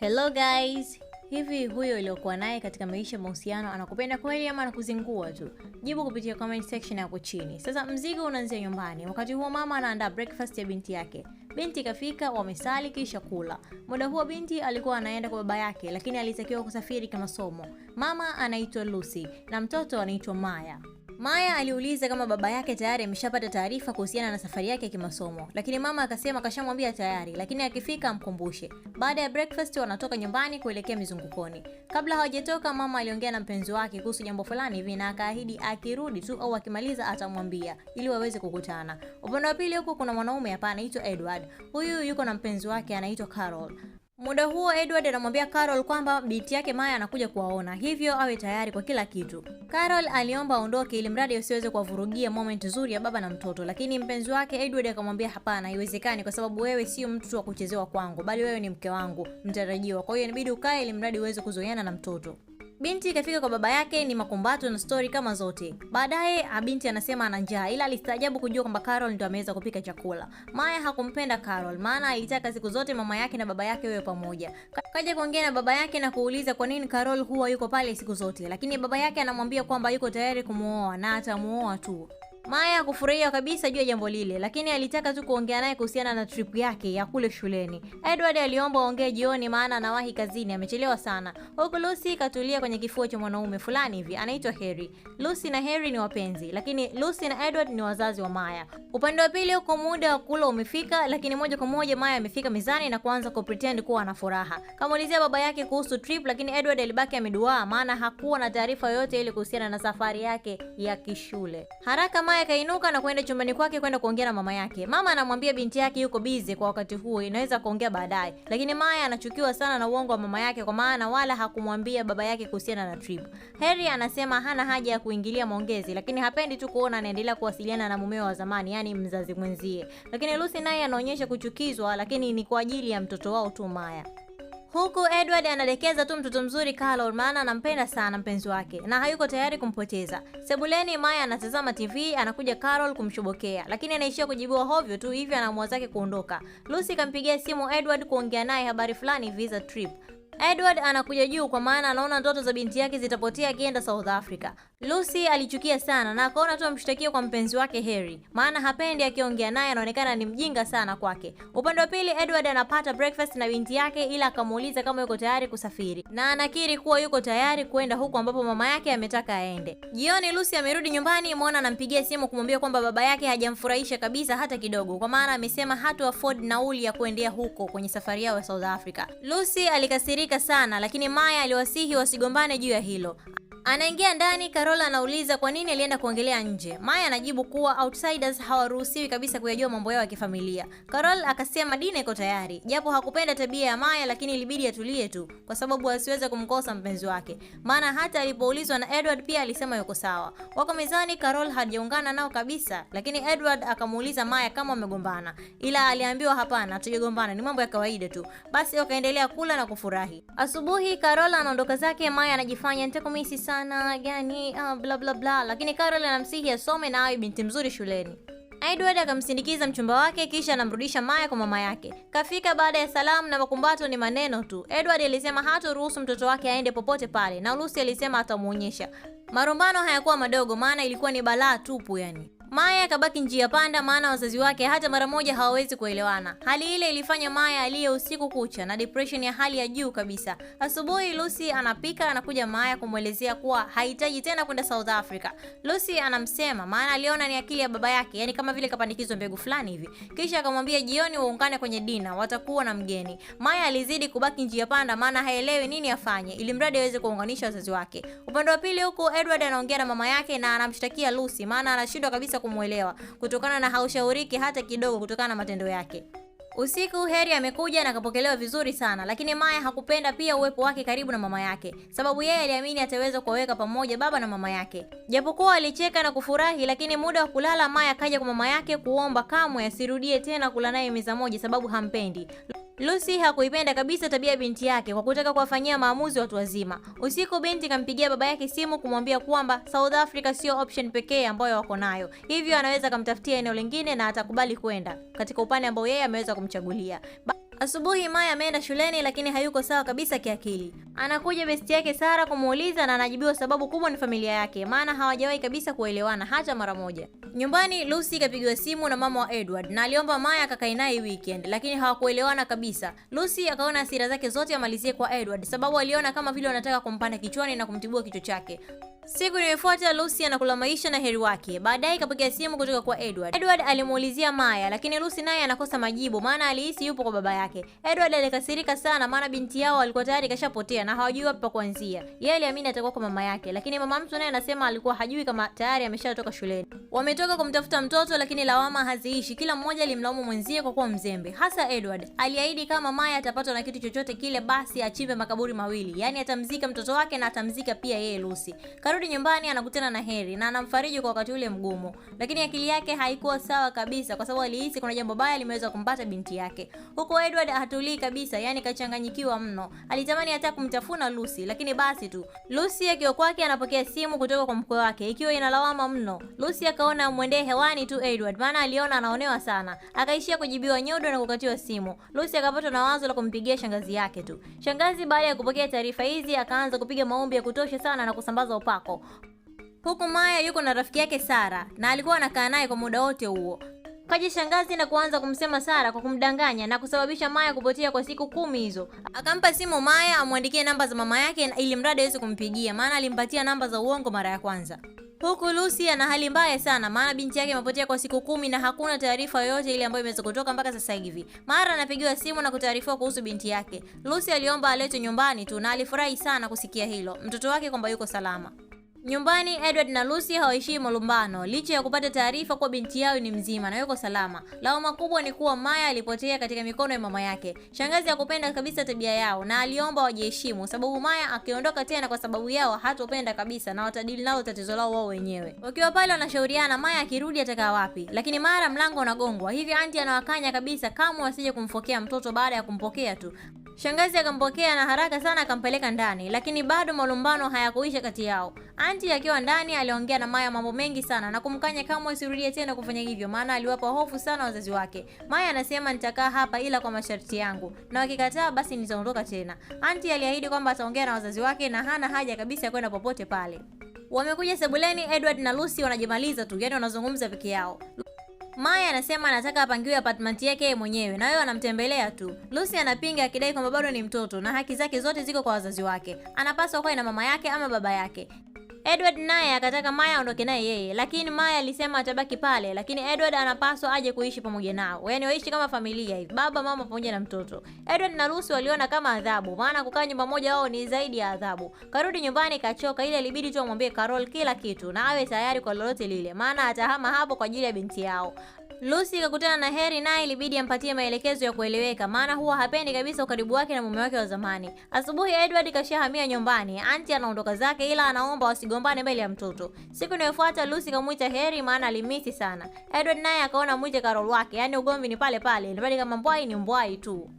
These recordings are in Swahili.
Hello guys, hivi huyo iliyokuwa naye katika maisha mahusiano anakupenda kweli ama anakuzingua tu? Jibu kupitia comment section hapo chini. Sasa mzigo unaanzia nyumbani. Wakati huo mama anaandaa breakfast ya binti yake. Binti kafika, wamesali kisha kula. Muda huo binti alikuwa anaenda kwa baba yake, lakini alitakiwa kusafiri kimasomo. Mama anaitwa Lucy na mtoto anaitwa Maya. Maya aliuliza kama baba yake tayari ameshapata taarifa kuhusiana na safari yake ya kimasomo, lakini mama akasema kashamwambia tayari, lakini akifika amkumbushe. Baada ya breakfast, wanatoka nyumbani kuelekea mizungukoni. Kabla hawajatoka, mama aliongea na mpenzi wake kuhusu jambo fulani hivi na akaahidi akirudi tu au akimaliza atamwambia ili waweze kukutana. Upande wa pili huko kuna mwanaume hapa anaitwa Edward. Huyu yuko na mpenzi wake anaitwa Carol. Muda huo Edward anamwambia Carol kwamba binti yake Maya anakuja kuwaona, hivyo awe tayari kwa kila kitu. Carol aliomba aondoke ili mradi asiweze kuwavurugia moment nzuri ya baba na mtoto, lakini mpenzi wake Edward akamwambia hapana, haiwezekani kwa sababu wewe sio mtu wa kuchezewa kwangu, bali wewe ni mke wangu mtarajiwa, kwa hiyo inabidi ukae ili mradi uweze kuzoeana na mtoto. Binti ikafika kwa baba yake ni makumbato na stori kama zote. Baadaye ah, binti anasema ana njaa, ila alistaajabu kujua kwamba Carol ndo ameweza kupika chakula. Maya hakumpenda Carol, maana alitaka siku zote mama yake na baba yake wawe pamoja. Kaja kuongea na baba yake na kuuliza kwa nini Carol huwa yuko pale siku zote, lakini baba yake anamwambia kwamba yuko tayari kumwoa na atamuoa tu. Maya kufurahia kabisa juu ya jambo lile, lakini alitaka tu kuongea naye kuhusiana na trip yake ya kule shuleni. Edward aliomba aongee jioni, maana anawahi kazini, amechelewa sana, huku Lucy katulia kwenye kifua cha mwanaume fulani hivi anaitwa Harry. Lucy na Harry ni wapenzi, lakini Lucy na Edward ni wazazi wa Maya. Upande wa pili huko muda wa kula umefika, lakini moja kwa moja Maya amefika mezani na kuanza kupretend kuwa ana furaha. Kamuulizia baba yake kuhusu trip, lakini Edward alibaki ameduaa, maana hakuwa na taarifa yoyote ile kuhusiana na safari yake ya kishule. Haraka Maya Hatimaye akainuka na kwenda chumbani kwake kwenda kuongea na mama yake. Mama anamwambia binti yake yuko bize kwa wakati huo, inaweza kuongea baadaye. Lakini Maya anachukiwa sana na uongo wa mama yake, kwa maana wala hakumwambia baba yake kuhusiana na trip. Harry anasema hana haja ya kuingilia maongezi, lakini hapendi tu kuona anaendelea kuwasiliana na mumeo wa zamani, yani mzazi mwenzie. Lakini Lucy naye anaonyesha kuchukizwa, lakini ni kwa ajili ya mtoto wao tu Maya huku Edward anadekeza tu mtoto mzuri Carol, maana anampenda sana mpenzi wake na hayuko tayari kumpoteza. Sebuleni, Maya anatazama TV, anakuja Carol kumshobokea, lakini anaishia kujibiwa hovyo tu, hivyo anaamua zake kuondoka. Lucy kampigia simu Edward kuongea naye habari fulani visa trip. Edward anakuja juu kwa maana anaona ndoto za binti yake zitapotea akienda South Africa. Lucy alichukia sana na akaona tu amshtakie kwa mpenzi wake Harry, maana hapendi akiongea naye, anaonekana ni mjinga sana kwake. Upande wa pili, Edward anapata breakfast na binti yake, ila akamuuliza kama yuko tayari kusafiri na anakiri kuwa yuko tayari kwenda huko ambapo mama yake ametaka aende. Jioni Lucy amerudi nyumbani, Mona anampigia simu kumwambia kwamba baba yake hajamfurahisha kabisa hata kidogo, kwa maana amesema hatu afford nauli ya kuendea huko kwenye safari yao ya South Africa. Lucy alikasirika sana, lakini Maya aliwasihi wasigombane juu ya hilo. Anaingia ndani Carol anauliza kwa nini alienda kuongelea nje. Maya anajibu kuwa outsiders hawaruhusiwi kabisa kuyajua mambo yao ya kifamilia. Carol akasema Dina iko tayari, japo hakupenda tabia ya Maya, lakini ilibidi atulie tu kwa sababu asiweze kumkosa mpenzi wake, maana hata alipoulizwa na Edward pia alisema yuko sawa. Wako mezani, Carol hajaungana nao kabisa, lakini Edward akamuuliza Maya kama wamegombana, ila aliambiwa hapana, tujagombana ni mambo ya kawaida tu. Basi wakaendelea kula na kufurahi. Asubuhi Carol anaondoka zake, Maya anajifanya nitakumisi sana gani ah, bla bla bla, lakini Carol anamsihi asome na awe binti mzuri shuleni. Edward akamsindikiza mchumba wake kisha anamrudisha Maya kwa mama yake. Kafika baada ya salamu na makumbato ni maneno tu. Edward alisema hatoruhusu mtoto wake aende popote pale na Lucy alisema atamuonyesha. Marumbano hayakuwa madogo maana ilikuwa ni balaa tupu yani. Maya akabaki njia panda, maana wazazi wake hata mara moja hawawezi kuelewana. Hali ile ilifanya Maya aliye usiku kucha na depression ya hali ya juu kabisa. Asubuhi Lucy anapika, anakuja Maya kumwelezea kuwa hahitaji tena kwenda South Africa. Lucy anamsema maana aliona ni akili ya baba yake, yani kama vile kapandikizwa mbegu fulani hivi. Kisha akamwambia jioni waungane kwenye dina, watakuwa na mgeni. Maya alizidi kubaki njia panda, maana haelewi nini afanye ili mradi aweze kuunganisha wazazi wake. Upande wa pili, huku Edward anaongea na mama yake na anamshtakia Lucy maana anashindwa kabisa kabisa kumwelewa kutokana na haushauriki hata kidogo kutokana na matendo yake. Usiku Heri amekuja na akapokelewa vizuri sana, lakini Maya hakupenda pia uwepo wake karibu na mama yake, sababu yeye aliamini ataweza kuwaweka pamoja baba na mama yake. Japokuwa alicheka na kufurahi, lakini muda wa kulala Maya akaja kwa mama yake kuomba kamwe asirudie tena kula naye meza moja, sababu hampendi. Lucy hakuipenda kabisa tabia binti yake kwa kutaka kuwafanyia maamuzi watu wazima. Usiku binti kampigia baba yake simu kumwambia kwamba South Africa sio option pekee ambayo wako nayo, hivyo anaweza akamtafutia eneo lingine na atakubali kwenda katika upande ambao yeye ameweza kumchagulia ba Asubuhi Maya ameenda shuleni lakini hayuko sawa kabisa kiakili. Anakuja besti yake Sara kumuuliza na anajibiwa sababu kubwa ni familia yake, maana hawajawahi kabisa kuelewana hata mara moja. Nyumbani Lucy kapigiwa simu na mama wa Edward na aliomba Maya akakae naye weekend, lakini hawakuelewana kabisa. Lucy akaona hasira zake zote amalizie kwa Edward, sababu aliona kama vile wanataka kumpanda kichwani na kumtibua kichwa chake. Siku iliyofuata Lucy anakula maisha na Heri wake. Baadaye kapokea simu kutoka kwa Edward. Edward alimuulizia Maya, lakini Lucy naye anakosa majibu, maana alihisi yupo kwa baba yake. Edward alikasirika sana, maana binti yao alikuwa tayari kashapotea na hawajui wapi pa kuanzia. Yeye aliamini atakuwa kwa mama yake, lakini mama mtu naye anasema alikuwa hajui kama tayari ameshatoka shuleni. Wametoka kumtafuta mtoto, lakini lawama haziishi. Kila mmoja alimlaumu mwenzie kwa kuwa mzembe, hasa Edward. Aliahidi kama Maya atapatwa na kitu chochote kile, basi achimbe makaburi mawili, yaani atamzika mtoto wake na atamzika pia yeye Lucy. Anarudi nyumbani anakutana na Heri na anamfariji kwa wakati ule mgumu, lakini akili yake haikuwa sawa kabisa, kwa sababu alihisi kuna jambo baya limeweza kumpata binti yake. Huko Edward hatulii kabisa, yani kachanganyikiwa mno. Alitamani hata kumtafuna Lucy, lakini basi tu. Lucy akiwa kwake anapokea simu kutoka kwa mkwe wake ikiwa inalawama mno. Lucy akaona amwendee hewani tu Edward, maana aliona anaonewa sana, akaishia kujibiwa nyodo na kukatiwa simu. Lucy akapata na wazo la kumpigia shangazi yake tu. Shangazi baada ya kupokea taarifa hizi akaanza kupiga maombi ya kutosha sana na kusambaza upako yako. Huku Maya yuko na rafiki yake Sara na alikuwa anakaa naye kwa muda wote huo. Kaja shangazi na kuanza kumsema Sara kwa kumdanganya na kusababisha Maya kupotea kwa siku kumi hizo. Akampa simu Maya amwandikie namba za mama yake ili mradi aweze kumpigia, maana alimpatia namba za uongo mara ya kwanza. Huku lusi ana hali mbaya sana, maana binti yake imepotea kwa siku kumi na hakuna taarifa yoyote ile ambayo imeweza kutoka mpaka sasa hivi. Mara anapigiwa simu na kutaarifiwa kuhusu binti yake. lusi aliomba aletwe nyumbani tu na alifurahi sana kusikia hilo, mtoto wake kwamba yuko salama. Nyumbani Edward na Lucy hawaishii malumbano licha ya kupata taarifa kuwa binti yao ni mzima na yuko salama. Lawama kubwa ni kuwa Maya alipotea katika mikono ya mama yake. Shangazi hakupenda kabisa tabia yao na aliomba wajiheshimu, sababu Maya akiondoka tena kwa sababu yao hatopenda kabisa na watadili nao tatizo lao wao wenyewe. Wakiwa pale wanashauriana Maya akirudi atakaa wapi, lakini mara mlango unagongwa, hivyo anti anawakanya kabisa kamwe wasije kumfokea mtoto baada ya kumpokea tu. Shangazi akampokea na haraka sana akampeleka ndani, lakini bado malumbano hayakuisha kati yao. Anti akiwa ndani aliongea na Maya mambo mengi sana na kumkanya kamwe asirudie tena kufanya hivyo, maana aliwapa hofu sana wazazi wake. Maya anasema nitakaa hapa ila kwa masharti yangu, na wakikataa basi nitaondoka tena. Anti aliahidi kwamba ataongea na wazazi wake na hana haja kabisa ya kwenda popote pale. Wamekuja sebuleni, Edward na Lucy wanajimaliza tu, yani wanazungumza peke yao. Maya anasema anataka apangiwe apartment yake mwenyewe na wewe anamtembelea tu. Lucy anapinga akidai kwamba bado ni mtoto na haki zake zote ziko kwa wazazi wake, anapaswa kuwa na mama yake ama baba yake. Edward naye akataka Maya aondoke naye yeye, lakini Maya alisema atabaki pale, lakini Edward anapaswa aje kuishi pamoja nao, yaani waishi kama familia hivi, baba mama pamoja na mtoto. Edward na Lucy waliona kama adhabu, maana kukaa nyumba moja wao ni zaidi ya adhabu. Karudi nyumbani kachoka, ile ilibidi tu amwambie Carol kila kitu na awe tayari kwa lolote lile, maana atahama hapo kwa ajili ya binti yao. Lucy kakutana na Heri, naye ilibidi ampatie maelekezo ya kueleweka, maana huwa hapendi kabisa ukaribu wake na mume wake wa zamani. Asubuhi Edward kashahamia nyumbani, anti anaondoka zake, ila anaomba wasigombane mbele ya mtoto. Siku inayofuata Lucy kamuita Heri, maana alimisi sana. Edward naye akaona mwite Karol wake, yaani ugomvi ni pale pale, ndio kama mbwai ni mbwai tu.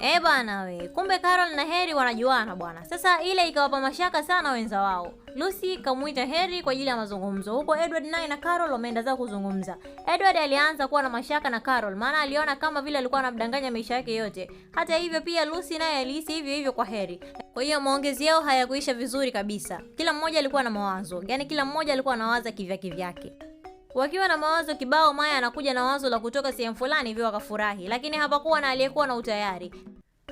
Eh bwana we, kumbe Carol na Harry wanajuana bwana. Sasa ile ikawapa mashaka sana wenza wao. Lucy kamuita Harry kwa ajili ya mazungumzo. Huko Edward naye na Carol wameenda zao kuzungumza. Edward alianza kuwa na mashaka na Carol, maana aliona kama vile alikuwa anamdanganya maisha yake yote. Hata hivyo pia Lucy naye alihisi hivyo hivyo kwa Harry. Kwa hiyo maongezi yao hayakuisha vizuri kabisa. Kila mmoja alikuwa na mawazo, yaani kila mmoja alikuwa anawaza kivya kivyake. Wakiwa na mawazo kibao, Maya anakuja na wazo la kutoka sehemu fulani hivyo wakafurahi, lakini hapakuwa na aliyekuwa na utayari.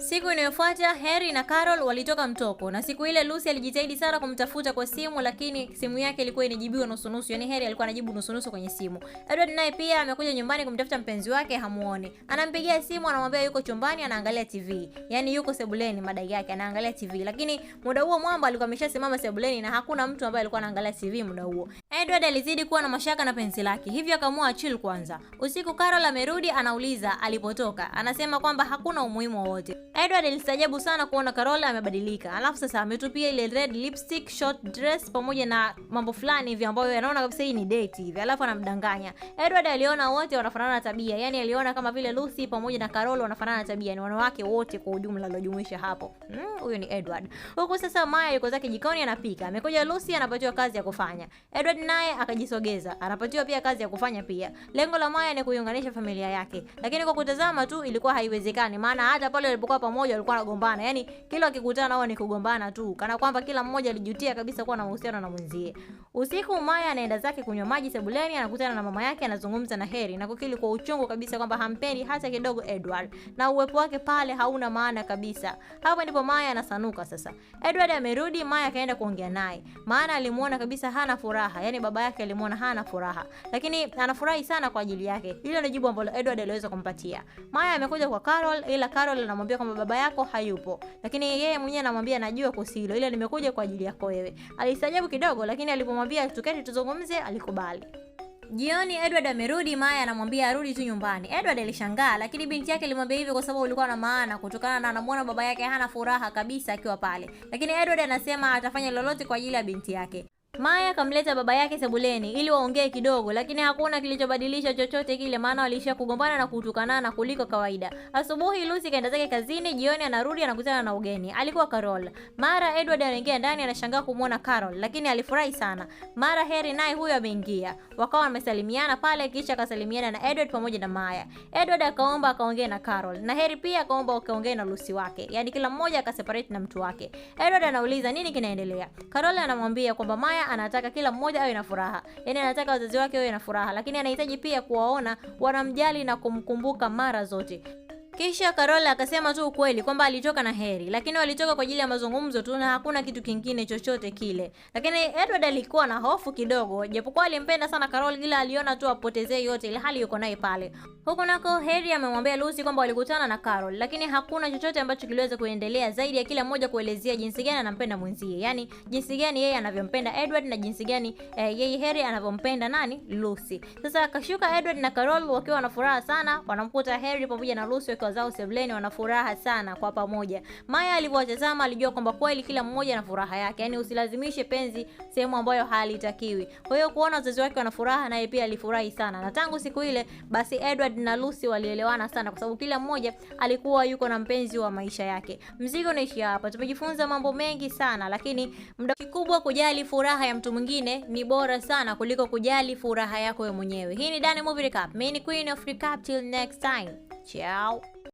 Siku inayofuata Harry na Carol walitoka mtoko, na siku ile Lucy alijitahidi sana kumtafuta kwa simu, lakini simu yake ilikuwa inajibiwa nusu nusu, yani Harry alikuwa anajibu nusu nusu kwenye simu. Edward naye pia amekuja nyumbani kumtafuta mpenzi wake, hamuoni. Anampigia simu, anamwambia yuko chumbani anaangalia TV, yani yuko sebuleni, madai yake anaangalia TV. Lakini muda huo mwamba alikuwa ameshasimama sebuleni na hakuna mtu ambaye alikuwa anaangalia TV muda huo. Edward alizidi kuwa na mashaka na penzi lake, hivyo akaamua chill kwanza. Usiku Carol amerudi, anauliza alipotoka, anasema kwamba hakuna umuhimu wowote. Edward alistajabu sana kuona Carola amebadilika. Alafu sasa ametupia ile red lipstick, short dress pamoja na mambo fulani hivi ambayo yanaona kabisa hii ni date hivi. Alafu anamdanganya. Edward aliona wote wanafanana na tabia. Yaani aliona kama vile Lucy pamoja na Carola wanafanana na tabia. Ni wanawake wote kwa ujumla alojumuisha hapo. Hmm, huyo ni Edward. Huko sasa Maya yuko zake jikoni anapika. Amekuja Lucy anapatiwa kazi ya kufanya. Edward naye akajisogeza. Anapatiwa pia kazi ya kufanya pia. Lengo la Maya ni kuiunganisha familia yake. Lakini kwa kutazama tu ilikuwa haiwezekani maana hata pale walipokuwa kwa moja walikuwa wanagombana, Yaani kila wakikutana nao ni kugombana tu, kana kwamba kila mmoja alijutia kabisa kuwa na mahusiano na mwenzie. Usiku Maya anaenda zake kunywa maji sebuleni, anakutana na mama yake, anazungumza na Heri na kukili kwa uchungu kabisa kwamba hampendi hata kidogo Edward na uwepo wake pale hauna maana kabisa. Hapo ndipo Maya anasanuka sasa. Edward amerudi, Maya akaenda kuongea naye, maana alimuona kabisa hana furaha, Yaani baba yake alimuona hana furaha, lakini anafurahi sana kwa ajili yake. Hilo ni jibu ambalo Edward aliweza kumpatia. Maya amekuja kwa Carol, ila Carol anamwambia kwamba baba yako hayupo, lakini yeye mwenyewe anamwambia najua kosi hilo, ila nimekuja kwa ajili yako wewe. alisajabu kidogo, lakini alipomwambia tuketi tuzungumze, alikubali. Jioni Edward amerudi, Maya anamwambia arudi tu nyumbani. Edward alishangaa, lakini binti yake alimwambia hivyo kwa sababu ulikuwa na maana, kutokana na anamwona baba yake hana furaha kabisa akiwa pale. Lakini Edward anasema atafanya lolote kwa ajili ya binti yake. Maya akamleta baba yake sebuleni ili waongee kidogo, lakini hakuna kilichobadilisha chochote kile, maana waliishia kugombana na kutukanana kuliko kawaida. Asubuhi Lucy kaenda zake kazini, jioni anarudi anakutana na ugeni, alikuwa Carol. Mara Edward anaingia ndani, anashangaa kumwona Carol, lakini alifurahi sana. Mara Harry naye huyo ameingia, wakawa wamesalimiana pale, kisha akasalimiana na Edward pamoja na Maya. Edward akaomba akaongee na Carol na Harry pia akaomba akaongee na Lucy wake, yaani kila mmoja akaseparate na mtu wake. Edward anauliza nini kinaendelea, Carol anamwambia kwamba Maya anataka kila mmoja awe na furaha, yani anataka wazazi wake wawe na furaha, lakini anahitaji pia kuwaona wanamjali na kumkumbuka mara zote. Kisha Karola akasema tu ukweli kwamba alitoka na Harry, lakini walitoka kwa ajili ya mazungumzo tu na hakuna kitu kingine chochote kile. Lakini Edward alikuwa na hofu kidogo, japokuwa alimpenda sana Carol, ila aliona tu apotezee yote ile hali yuko naye pale. Huko nako Harry amemwambia Lucy kwamba walikutana na Carol, lakini hakuna chochote ambacho kiliweza kuendelea zaidi ya kila mmoja kuelezea jinsi gani anampenda mwenzie, yaani jinsi gani yeye anavyompenda Edward na jinsi gani eh, yeye Harry anavyompenda nani Lucy. Sasa akashuka Edward na Carol wakiwa na furaha sana, wanamkuta Harry pamoja na Lucy wakiwa watoto zao sebleni wana furaha sana kwa pamoja. Maya alivyowatazama alijua kwamba kweli kila mmoja na furaha yake, yaani usilazimishe penzi sehemu ambayo halitakiwi. Kwa hiyo kuona wazazi wake wana furaha, naye pia alifurahi sana, na tangu siku ile basi Edward na Lucy walielewana sana, kwa sababu kila mmoja alikuwa yuko na mpenzi wa maisha yake. Mzigo unaishia hapa. Tumejifunza mambo mengi sana, lakini muda kikubwa kujali furaha ya mtu mwingine ni bora sana kuliko kujali furaha yako wewe mwenyewe. Hii ni Dani Movie Recap. Mimi ni Queen of Recap till next time. Ciao.